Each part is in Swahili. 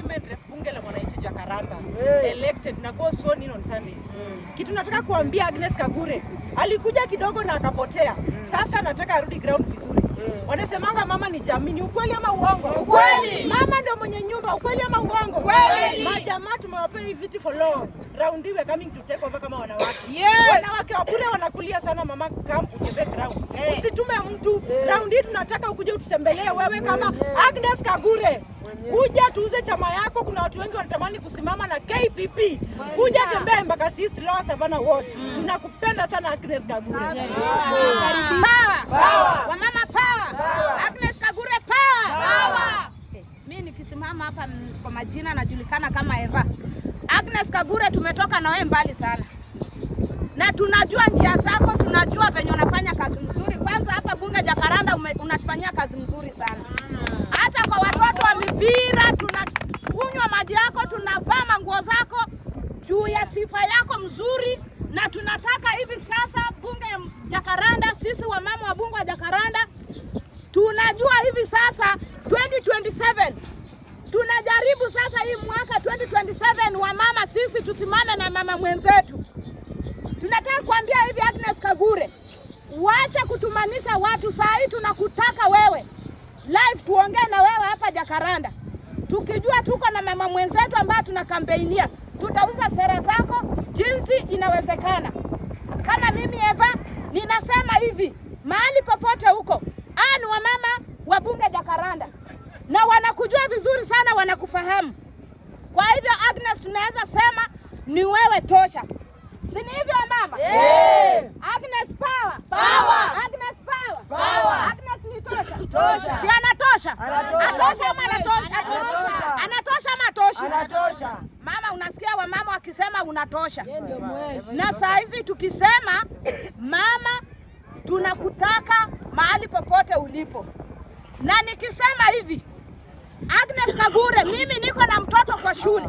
parliament rep bunge la mwananchi Jakaranda hey. Elected na go so in on Sunday hmm. Kitu nataka kuambia Agnes Kagure alikuja kidogo na akapotea hmm. Sasa nataka arudi ground vizuri hmm. Wanasemanga mama ni jamii, ni ukweli ama uongo? Ukweli. Mama ndio mwenye nyumba, ukweli ama uongo? Ukweli. Majamaa tumewapea hii viti for law round we coming to take over kama wanawake yes. Wanawake wa bure wanakulia sana mama, come ucheze ground hey. Usitume mtu hey. Round hii tunataka ukuje ututembelee wewe kama Agnes Kagure kuja tuuze chama yako. Kuna watu wengi wanatamani kusimama na KPP, kuja tembea mpaka sisi Lower Savana Ward. Tunakupenda sana Agnes Kagure. Wamama power, Agnes Kagure power. Mimi nikisimama hapa kwa majina najulikana kama Eva. Agnes Kagure, tumetoka na wewe mbali sana na tunajua njia zako, tunajua venye unafanya na tunataka hivi sasa bunge ya Jacaranda, sisi wamama wa bunge wa jakaranda tunajua hivi sasa 2027 tunajaribu sasa hii mwaka 2027 wamama sisi tusimame na mama mwenzetu. Tunataka kuambia hivi Agnes Kagure, wacha kutumanisha watu. Saa hii tunakutaka wewe live, tuongee na wewe hapa jakaranda tukijua tuko na mama mwenzetu ambaye tunakampeinia. Tutauza sera zako jinsi inawezekana. Kama mimi Eva ninasema hivi, mahali popote huko, aa, ni wamama wa bunge Jakaranda na wanakujua vizuri sana, wanakufahamu. Kwa hivyo Agnes, tunaweza sema ni wewe tosha, si ni hivyo mama? yeah. inatosha. Na saa hizi tukisema mama, tunakutaka mahali popote ulipo, na nikisema hivi Agnes Kagure, mimi niko na mtoto kwa shule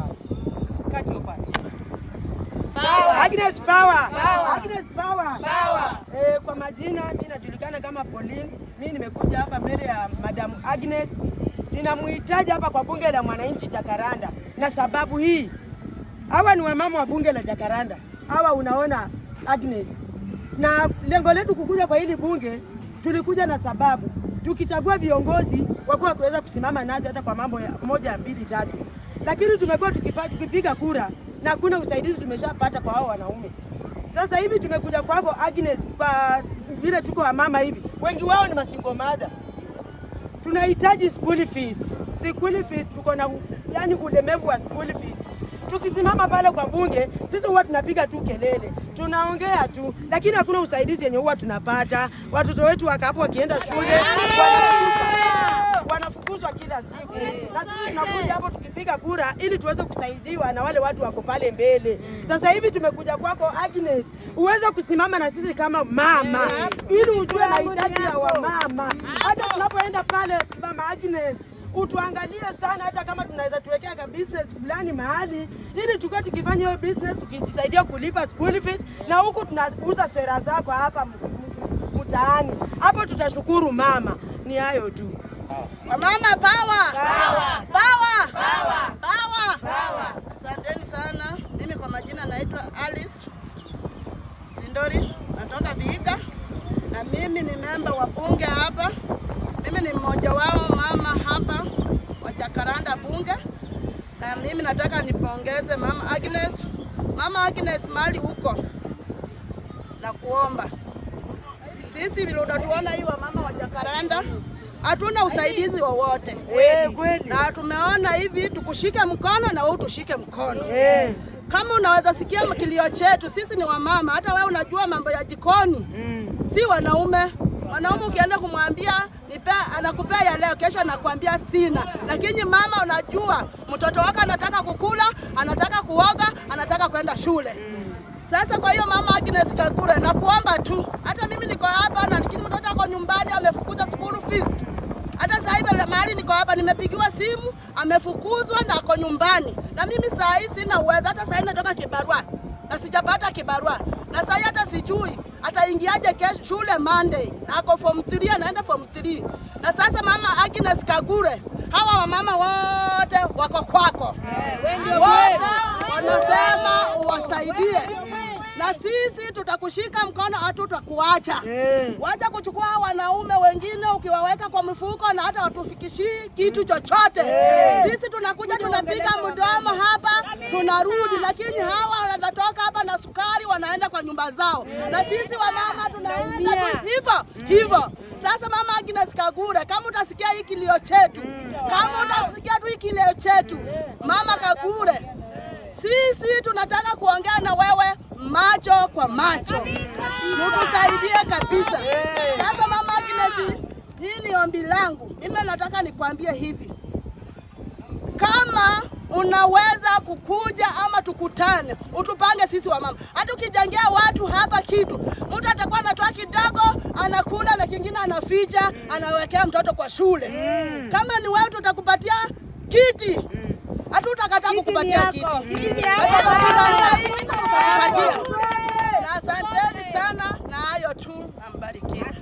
Agnes Power. Power. Agnes Power. Power. Eh, kwa majina mimi najulikana kama Pauline. Mimi nimekuja hapa mbele ya Madam Agnes. Ninamhitaji hapa kwa bunge la mwananchi Jakaranda na sababu hii hawa ni wamama wa bunge la jakaranda hawa, unaona Agnes, na lengo letu kukuja kwa hili bunge, tulikuja na sababu, tukichagua viongozi wakuwa kuweza kusimama nasi hata kwa mambo moja mbili tatu, lakini tumekuwa tukipiga kura na kuna usaidizi tumeshapata kwa hao wanaume. Sasa hivi tumekuja kwako Agnes, kwa vile tuko wamama hivi, wengi wao ni masingo mada, tunahitaji school fees, school fees tuko na yani, ulemevu wa school fees tukisimama pale kwa bunge, sisi huwa tunapiga tu kelele, tunaongea tu, lakini hakuna usaidizi yenye huwa tunapata. Watoto wetu wakapo wakienda shule wanafukuzwa kila siku, na sisi tunakuja hapo tukipiga kura ili tuweze kusaidiwa na wale watu wako pale mbele. Sasa hivi tumekuja kwako Agnes, uweze kusimama na sisi kama mama, ili ujue mahitaji ya wamama. Hata tunapoenda pale mama Agnes utuangalie sana, hata kama tunaweza tuwekea ka business fulani mahali, ili tukiwa tukifanya hiyo business tukijisaidia kulipa school fees, na huku tunauza sera zako hapa mtaani. Hapo tutashukuru mama. Ni hayo tu mama. Power, power, power, power, power. Asanteni sana. Mimi kwa majina naitwa Alice Zindori, natoka Vihiga na mimi ni memba wa bunge hapa mimi ni mmoja wao mama hapa wa Jacaranda Bunge, na mimi nataka nipongeze mama Agnes. Mama Agnes, mali huko na kuomba sisi vile utatuona hii wa mama wa Jacaranda hatuna usaidizi wowote na tumeona hivi tukushike mkono na wewe tushike mkono yes. Kama unaweza sikia kilio chetu, sisi ni wamama, hata wewe unajua mambo ya jikoni mm. si wanaume Mwanaume ukienda kumwambia nipe, anakupea ya leo, kesho anakuambia sina. Lakini mama, unajua mtoto wako anataka kukula, anataka kuoga, anataka kwenda shule. Sasa kwa hiyo mama Agnes Kagure, nakuomba tu, hata mimi niko hapa na nikini mtoto ako nyumbani amefukuza school fees. Hata sasa hivi mahali niko hapa nimepigiwa simu, amefukuzwa na ako nyumbani, na mimi saa hii sina uwezo. Hata saa hii natoka kibarua na sijapata kibarua, na saa hii hata sijui ataingiaje kesho shule Monday? Ako form 3 anaenda form 3. Na sasa mama Agnes Kagure, hawa wamama wote wako kwako, eh, wote wanasema uwasaidie na sisi tutakushika mkono, hatutakuacha. yeah. Wacha kuchukua wanaume wengine ukiwaweka kwa mifuko na hata watufikishii kitu hmm. chochote. yeah. Sisi tunakuja tunapiga mdomo hapa tunarudi, ah. lakini hawa wanatoka hapa na sukari wanaenda kwa nyumba zao. yeah. Na sisi wamama tunaenda tu hmm. hivyo hivyo. Sasa mama Agnes Kagure, kama utasikia hii kilio chetu, hmm. kama utasikia tu hii kilio chetu, eh. mama Kagure, sisi tunataka kuongea na wewe macho kwa macho, nikusaidie kabisa. Sasa mama Agnes, hii ni ombi langu, mimi nataka nikwambie hivi, kama unaweza kukuja ama tukutane, utupange sisi wamama. Hata ukijengea watu hapa kitu, mtu atakuwa anatoa kidogo, anakula na kingine anaficha, anawekea mtoto kwa shule. Mm. Kama ni wewe, tutakupatia kiti, mm. hatutakata kukupatia kiti. Mm mtapatia. asanteni sana, na hayo tu, ambarikiwe.